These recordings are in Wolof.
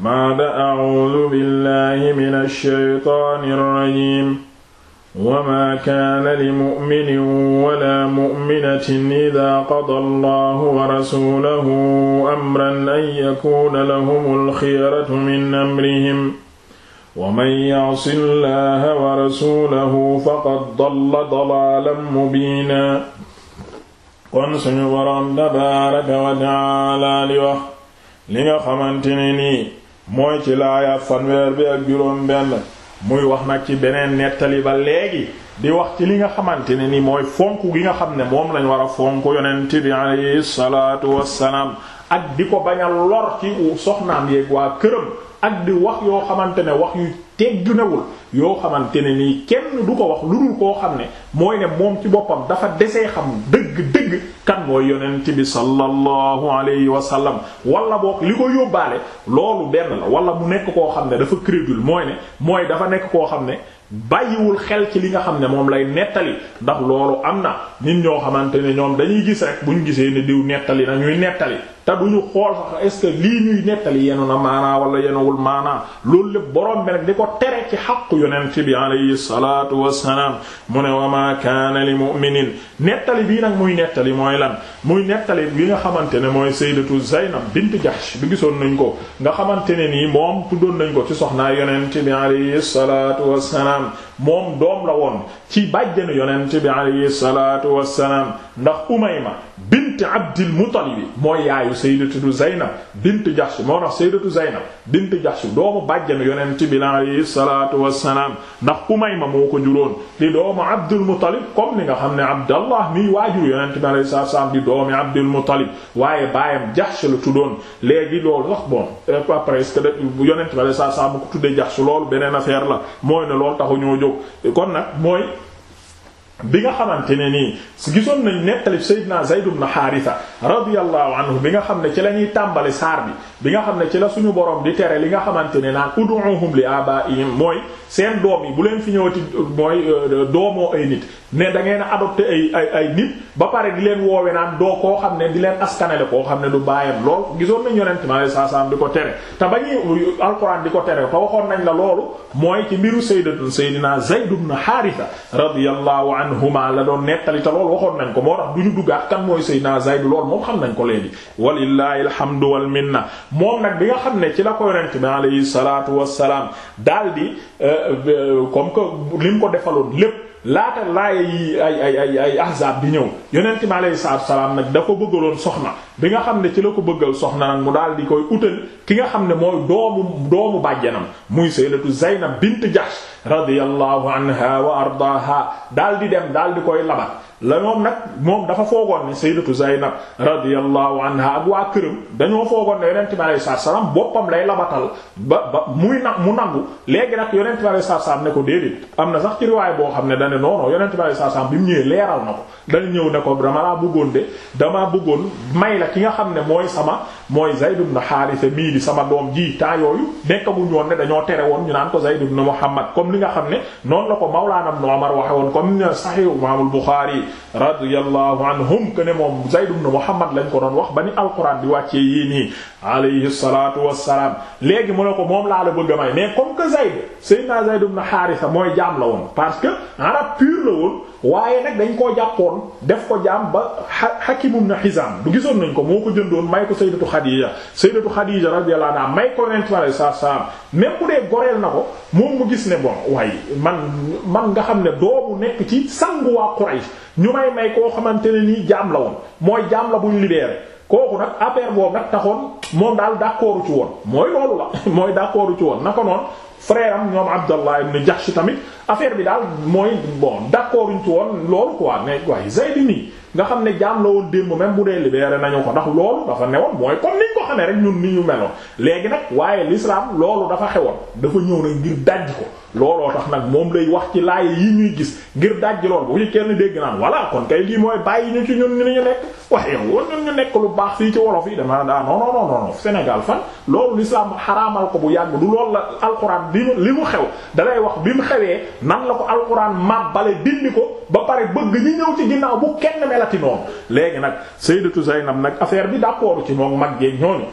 baada acuudu billahi min alsheytaani alrajim wama kaana limuminin wala muminatin ida qada allahu wa rasulahu amran an yakuna lahum alxiyaratu min amrihim waman yacsi allaha wa rasulahu faqad dalla dalaalan mubiina kon suñu boroom tabaaraka wa tacaala li wax li nga xamante ne nii mooy ci laaya fanweer bi ak juróom benn muy wax nag ci beneen nettali ba léegi di wax ci li nga xamante ne ni mooy fonk gi nga xam ne moom lañ war a fonk yonent bi alayhi salaatu wassalaam ak di ko bañ a lor ci soxnaam yeeg waa këram ak di wax yoo xamante ne wax yu tegginawul yoo xamante ne nii kenn du ko wax lu dul koo xam ne mooy ne moom ci boppam dafa dese xam dëgg-dëgg kan mooy yonent bi sallallahu alayhi wa sallam wala boog li ko yóbbaale loolu benn la wala mu nekk koo xam ne dafa crédule mooy ne mooy dafa nekk koo xam ne bàyyiwul xel ci li nga xam ne moom lay nettali ndax loolu am na nit ñoo xamante ne ñoom dañuy gis bu ñu gisee ni diw nettali na ñuy nettali te duñu xool sax est-ce que lii ñuy nettali yenu na maanaa wala yenuwul maanaa loolu lépp boroom bi nag di ko tere ci xaqu yonent bi alayhi salaatu wassalaam mu ne wa maa kaana li mu'minin nettali bii nag muy nettali mooy lan muy nettali bi nga xamante ne mooy sayyidatu Zaynab bint Jahsh bi gisoon nañ ko nga xamante ne nii moom tuddoon nañ ko ci soxnaa yonent bi alayhi salaatu wassalaam salaam moom doom la woon ci bàjjenu yonent bi alayhi salaatu wassalaam ndax Umayma bint Abdil Muttalib mooy yaayu sayyidatu Zaynab bint Jahsh moo tax sayyidatu Zaynab bint Jahsh doomu bàjjanu yonent bi alayhi salaatu wassalaam ndax Umayma moo ko juróon di doomu Abdul Muttalib comme ni nga xam ne Abdallah miy waajur yonent bi alayhi salaatu wassalaam di doomi Abdul Muttalib waaye baayam Jahsh la tuddoon léegi loolu wax bon euh, presque bu yonent bi alayhi salaatu wassalaam ko tuddee Jahsh loolu beneen affaire la mooy ne loolu taxu ñoo jóg kon nag mooy bi nga xamante ne nii gisoon nañ nettali Seydina Zayd ibn Haritha radiyallahu anhu bi nga xam ne ci la ñuy tàmbali saar bi bi nga xam ne ci la suñu borom di tere li nga xamante ne naan ud'uhum li abaihim mooy seen doom yi bu leen fi ñëw ñëwati mooy euh, doomoo ay nit ne da ngeen adopté ay ay ay nit ba pare di leen woowe naan doo koo xam ne di leen askanale koo xam ne du baayam lool gisoon nañ yonent ma saa saam ko tere te ba ñuy euh, alquran ko waxoon nañ la loolu mooy ci mbiru sayyidatu sayyidina Zayd ibn Haritha radiyallahu anhuma la doon nettali te loolu waxoon nañ ko moo tax du ñu duggaat kan mooy sayyidina Zayd loolu moom xam nañ ko léegi walillahi alhamdu wal minna moom nag bi nga xam ne ci la ko yonent bi alayhi salaatu wassalaam daldi euh, comme que lim ko defaloon lépp laata laaya ay ay ay ay ahzaab di ñëw yonent bi alayhi salaatu wassalaam nag da ko bëggaloon soxna bi nga xam ne ci la ko bëggal soxna nag mu di koy utal ki nga xam ne mooy doomu doomu bàjjanam muy sayyidatu Zaynab bint Jahsh radiyallahu anha wa ardaaha daldi dem daldi koy labat la moom nag moom dafa foogoon ne sayyidatu Zaynab radiyallahu anha ak waa këram dañoo foogoon ne yonent bi sa salaam boppam lay labatal ba ba muy na mu nangu léegi nag yonent bi alayhi salaam ne ko déedéet am na sax ci riwaay boo xam ne dana noono yonent bi alayhi salaam bi mu ñëwee leeral na ko dañ ñëw ne ko dama laa bëggoon de damaa bëggoon may la ki nga xam ne mooy sama mooy Zayd ibn Haarisa mii di sama doom jii temps yooyu nekk bu ñoon ne dañoo woon ñu naan ko Zayd ibn Muhammad comme li nga xam ne noonu la ko Mawlaana Ibn Umar waxe woon radiyallahu anhum que ne moom Zayd ibn Muhammad lañ ko doon wax ba ni alquran di wàccee yii nii alayhi salatu wassalaam léegi mu ne ko moom laa la bëgg a may mais comme que Zayd sayyidina Zayd mooy jaam la woon parce que arab waaye nag dañ koo jàppoon def ko jaam ba Hakim ibn Hizam du gisoon nañ ko moo ko jëndoon may ko sayyidatu Khadija sayyidatu Khadija radiyallahu anha may ko yonent bi alayhi salaam dee goreel na ko moom mu gis ne bon waaye man man nga xam ne doomu nekk ci sangu waa Quraysh ñu may may koo xamante ne nii jaam la woon mooy jaam la bu ñu libéré kooku nag affaire boobu nag taxoon moom daal d'accordu ci woon mooy loolu la mooy d'accordu ci woon naka noonu frère am ñoom Abdallah ibn Jahsh tamit affaire bi daal mooy bon d'accorduñ ci woon loolu quoi mais waaye Zayd nii nga xam ne jaam la woon démb même bu dee libéré nañu ko ndax loolu dafa newoon mooy comme ni ñoo rek ñun ni ñu meloon léegi nag waaye l'islam loolu dafa xewoon dafa ñëw nag ngir dàjj ko looloo tax nag moom lay wax ci laay yi ñuy gis ngir dàjj lool bu ci kenn dégg naan voilà kon kay lii mooy bàyyi ñu ci ñun ñu ñu nekk wax yow woon ñun ñu nekk lu baax fii ci wolof yi dama daa ah, non non non non Sénégal fan loolu ko bu yàgg du loolu la alquran bi li mu xew dalay wax bi mu xewee nan la ko alquran màbbale dindi ko ba pare bëgg ñi ñëw ci ginnaaw bu kenn melati noonu léegi nag Sayyidatu Zaynab nag affaire bi d'accord ci moom mag geeg ñooñu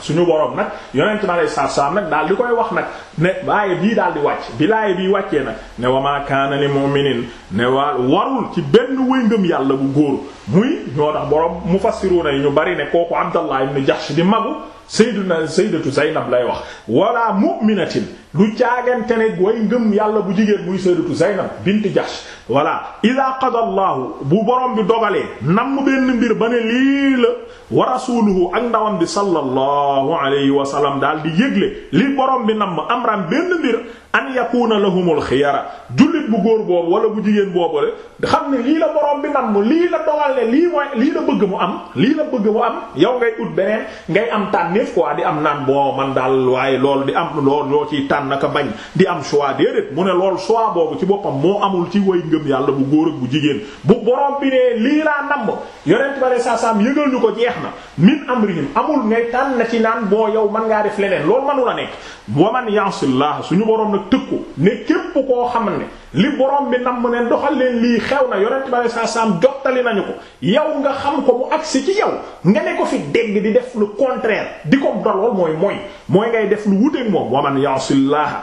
suñu borom nag yonent mi alayhi salaatu nag daal di koy wax nag ne waaye bii daal di wàcc bi bii wàccee nag ne wa maa kaana li mu'minin ne waa warul ci benn wëy ngëm yàlla bu góor muy ñoo tax borom mufassiruuna yi ñu bari ne kooku Abdallah ibn Jahsh di magu Sayyiduna Sayyidatu Zaynab lay wax wala mu'minatin du caagante ne way ngëm yàlla bu jigéen muy sayyidatu Zaynab bint Jahsh voilà ida qada allahu bu borom bi dogalee nam benn mbir ba ne lii la wa rasuluhu ak ndawam bi sallallahu alayhi wa daal di yëgle li borom bi nam amran benn mbir an yakuna lahumul xiyara jullit bu góor boobu wala bu jigéen boobu le xam ne lii la borom bi nam lii la dogal lii mooy lii la bëgg mu am lii la bëgg mu am yow ngay ut beneen ngay am tànneef quoi di am naan boo tànn naka bañ di am choix déedéet mu ne lool choix boobu ci boppam moo amul ci way ngëm yàlla bu góor bu jigéen bu borom bi ne lii laa namm yonent bare saasaam yëgal ñu ko jeex na min amrihim amul ngay tànn na ci naan boo yow man ngaa def leneen loolu manu la nekk waman yansillah suñu boroom nag tëkku ne képp koo xam ne li borom bi nam ne doxal leen lii xew na yonent bare saasaam jottali nañu ko yow nga xam ko mu agsi ci yow nga ne ko fi dégg di def lu contraire di ko dolool mooy mooy mooy ngay def lu wuteek moom waman yansillah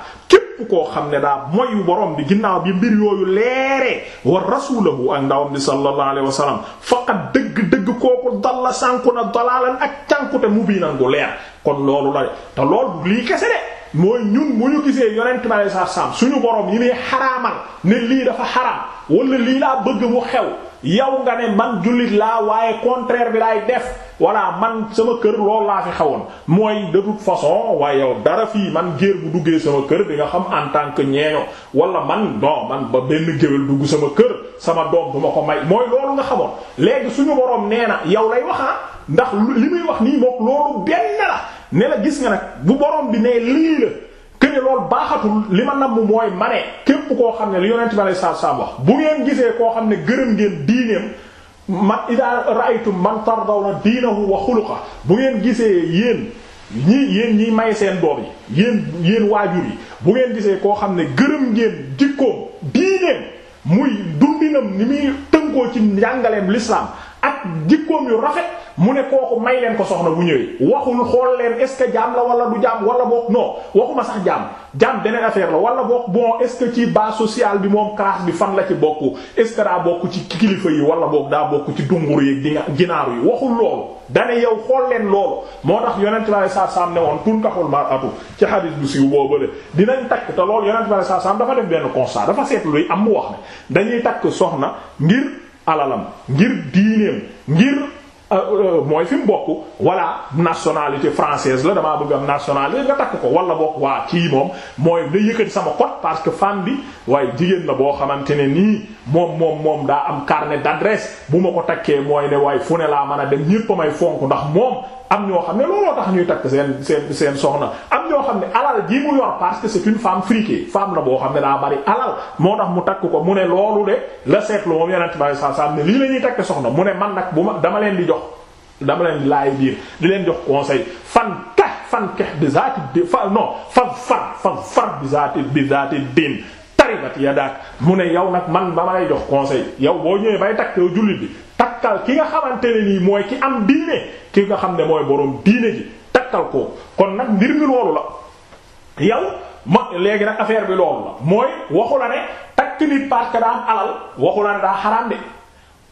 képp koo xam ne daa moyu boroom bi ginnaaw bi mbir yooyu leeree wa rasulahu ak ndawam bi sallallahu alayhi wa sallam faqad dëgg-dëgg ko dalla sànku na dalaalan ak cànkute mu biinan gu leer kon loolu la te lool lii kese de mooy ñun bu ñu gisee yonent bi alei satu salam suñu borom yi muy xaraamal ne lii dafa xaraam wala lii laa bëgg wo xew yow nga ne man jullit laa waaye contraire bi laay def voilà man sama kër loolu laa fi xawoon mooy de toute façon waaye yow dara fii man géer bu duggee sama kër di nga xam en tant que ñeeño wala man non man ba benn géwél dugg sama kër sama doom du ma ko may mooy loolu nga xamoon léegi suñu borom nee na yow lay wax ah ndax li muy wax nii moom loolu benn la ne la gis nga nag bu borom bi nee lii la. ne loolu baaxatul li ma namm mooy ma ne képp koo xam ne li yonent bi alayhi salaam wax bu ngeen gisee koo xam ne gërëm ngeen diineem ma idaa ra'aytum man tardawna diinahu wa xuluqa bu ngeen gisee yéen ñi yéen ñi may seen doom yi yéen yéen waajur yi bu ngeen gisee koo xam ne gërëm ngeen jikkoom diineem muy dundinam ni muy tënkoo ci njàngaleem l'islam ak jikkoom yu rafet mu ne kooku may leen ko soxna bu ñëwee waxul xool leen est ce jaam la wala du jaam wala boog noo waxuma sax jaam jaam beneen affaire la wala boog bon est ce que ci base sociale bi moom classe bi fan la ci bokk est daa bokk ci kilifa yi wala book daa bokk ci dungur yi di ginaaru yi waxul loolu dane yow xool leen loolu moo tax yonent bi saa saam ne woon tunkaxul mar'atu ci hadith bu siiw boobale dinañ takk te loolu yonent bi saa saam dafa def benn constat dafa seetlu luy am mu wax dañuy takk soxna ngir ngir diineem Euh, euh, mooy fi mu bokk voilà nationalité française la damaa bëgg am nationalité nga takk ko wala bokk waa kii moom mooy na yëkkati sama code parce que femme bi waaye jigéen la boo xamante ne nii moom moom moom daa am carnet d'adresse bu ma ko takkee mooy ne waaye fu ne laa mën a dem ñépp a may fonk ndax moom am ñoo xam ne looloo tax ñuy takk seen seen seen soxna am ñoo xam ne alal ji mu yor parce que c'est une femme friquée femme boo xam ne daa bari alal moo tax mu takk ko mu ne loolu de la seetlu moom yonent bi saa saa ne lii la ñuy takk soxna mu ne man nag bu ma dama leen di jox dama leen di laay biir di leen jox conseil fan kex fan kex bi fa di fa non fan far fan far bi zaati bi zaati diin. taribat yadaak mu ne yow nag man ba ma lay jox conseil yow boo ñëwee bay takk yow jullit bi takkal ki nga xamante ne nii mooy ki am diine ki nga xam ne mooy borom diine ji takkal ko kon nag mbir mi loolu la yow ma léegi nag affaire bi loolu la mooy waxu la ne takk nit parce que daa am alal waxu la ne daa xaraam de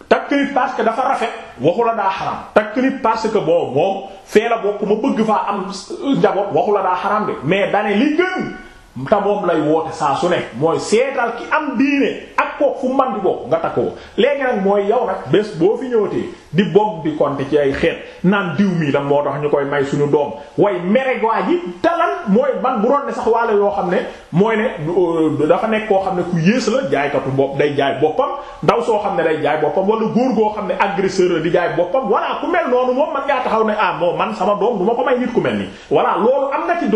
takk nit parce que dafa rafet waxu la daa xaraam takk nit parce que bon moom fee la bokk ma bëgg faa am njaboot waxu la daa xaraam de mais dane li gën te moom lay woote saa su ne mooy seetal ki am diine ak kook fu man di bokk nga takkoo léegi nag mooy yow nag bés boo fi ñëwatee di bokk di konte ci ay xeet naan diw mi la moo tax ñu koy may suñu doom way mereg yi ji lan mooy man bu doon ne sax waalo yoo xam ne mooy ne euh, dafa nekk koo xam ne ku yées la jaaykatu bopp day jaay boppam ndaw soo xam ne day jaay boppam wala góor goo xam ne agresseur la di jaay boppam wala ku mel noonu moom man ngaa ne ah moom man sama doom du ko may nit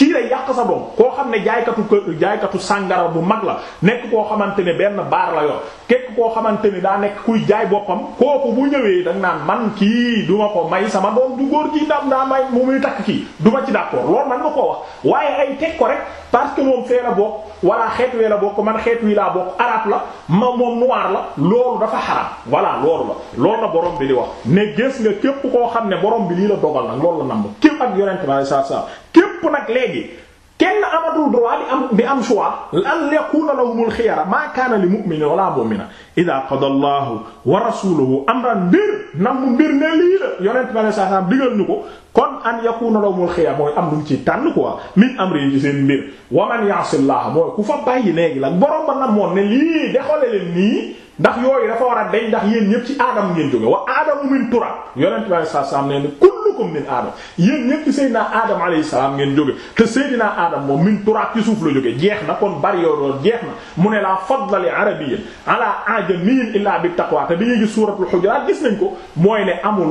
kii lay yàq sa doom koo xam ne jaaykatu jaaykatu sàngara bu mag la nekk koo xamante ne benn baar la yor kekk koo xamante ni daa nekk kuy jaay boppam kooku bu ñëwee danga naan man kii duma ko may sama doom du góor gi ndam daa may mu muy takk kii duma ci d'accord loolu man ma koo wax waaye ay teg ko rek parce que moom fee la bokk walla xeet wee la bokk man xeet wi laa bokk arabe la ma moom noir la loolu dafa xaram voilà loolu la loolu na borom bi di wax ne gis képp koo xam ne borom bi lii la dogal nag loolu la nam képp ak yonent ba sallallahu ñépp nag léegi kenn amatul droit di am di am choix an yakuna lahumul xiyara maa kaana li mu'minin wala mu'mina ida qada allahu wa rasuluhu amran mbir nam mu mbir ne lii la yonent ma ne saa saa digal ñu ko kon an yakuna lahumul xiyara am luñ ci tànn quoi min amri ci seen mbir wa man ya'si mooy ku fa bàyyi léegi la borom ba namoon ne lii de xoole leen nii ndax yooyu dafa war a deñ ndax yéen ñëpp ci aadam ngeen jóge wa aadamu min turab yonent bi alayhi salaam nee na kullukum min aadam yéen ñëpp ci seydinaa aadam alayhi salaam ngeen jóge te seydinaa aadam moom min turab ci suuf la jeex na kon bari yoo doon jeex na mu ne la fadla li arabiyyin ala ajamiyyin illaa bi taqwa te bi ñuy gis suuratul hujuraat gis nañ ko mooy ne amul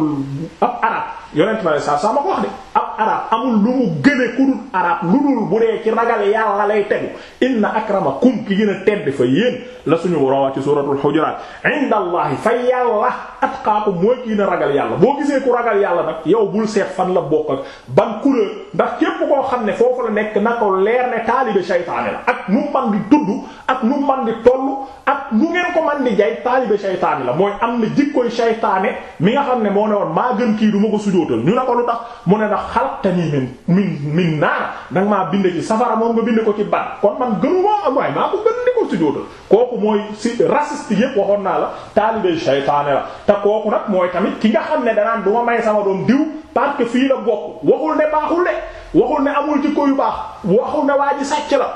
ab arab yonent ma ne saa saa ma ko wax de ab arab amul lu mu gëne ku dul arab lu dul bu dee ci ragal yàlla lay tegu inna akramakum ki gën a tedd fa yéen la suñu borom wax ci suratul hujurat inda allahi fa yàlla atqaakum mooy ki gën a ragal yàlla boo gisee ku ragal yàlla nag yow bul seet fan la bokk ak ban couleur ndax képp koo xam ne foofu la nekk na ko leer ne taalibe seytaane la ak nu man di tudd ak nu man di tollu ak mu nu ngeen ko man di jaay taalibe shaytaani la mooy am na jikkoy shaytaane mi nga xam ne moo ne woon maa gën kii du ma ko sujootal ñu ne ko lu tax mu ne ndax xalaqtanii min min min naar danga maa bind ci safara moom nga bind ko ci ban kon man gënu moo kooku mooy si raciste yépp waxoon naa la taalibe shaytaane la te kooku nag mooy tamit ki nga xam ne danaan du ma may sama doom diw parce que fii la bokk waxul ne baaxul de waxul ne amul jikko yu baax waxul ne waa ji sàcc la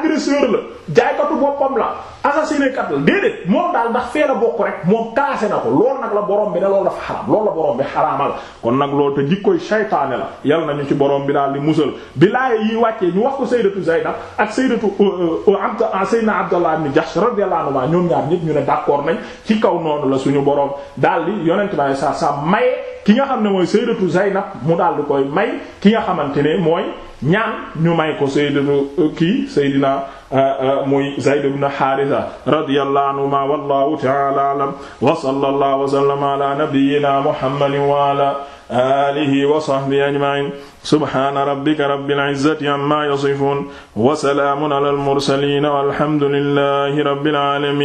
agresseur la jaaykatu boppam la assassiné kat la déedéet moom daal ndax fee la bokk rek moo kaase na ko loolu nag la borom bi ne loolu dafa xaraam loolu la borom bi xaraamal kon nag loolu te jikkoy saytaane la yal ñu ci borom bi daal di musal bi laaya yi wàccee ñu wax ko sayyidatu Zaynab ak sayyidatu euh, euh, euh, abd ah, sayyidna Abdallah ibn Jahsh radiyallahu anhu ma ñoom ñaar ñépp ñu ne d'accord nañ ci kaw noonu la suñu boroom daal di yonent bi sa sa maye ki nga xam ne mooy sayyidatu Zaynab mu daal koy may ki nga xamante ne mooy ñaan ñu may ko sayyidatu kii sayyidina euh, euh, muy Zayd ibn Haritha radiyallahu anhuma wallahu ta'ala a'lam wa sallallahu wa sallama ala nabiyyina Muhammadin wa ala alihi wa sahbihi ajma'in subhana rabbika rabbil izzati amma yasifun wa salamun ala al mursalin walhamdulillahi rabbil alamin